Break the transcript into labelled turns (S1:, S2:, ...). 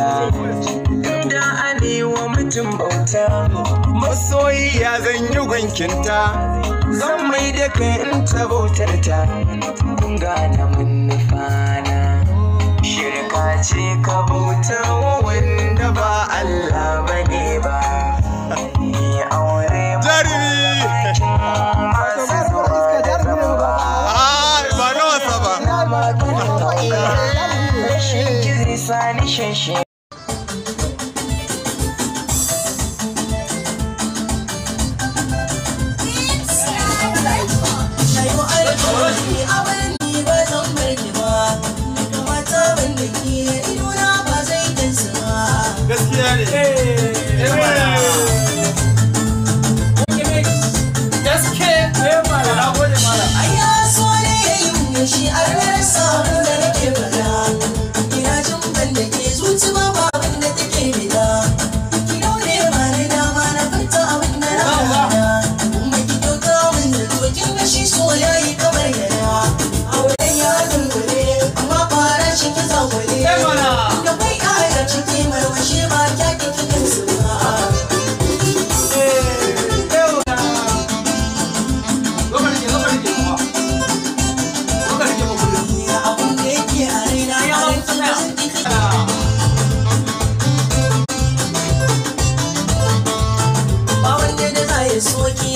S1: bauta inda mutum bauta masoyi ya zan yi gunkinta zan mai da kai in ta bautar ta kun gane mun shirka ce ka bauta wanda ba Allah ba ni aure jarumi Sani Gaskiya. Gaskiya. Gaskiya. Gaskiya. Gaskiya. Gaskiya. Gaskiya. Gaskiya. soki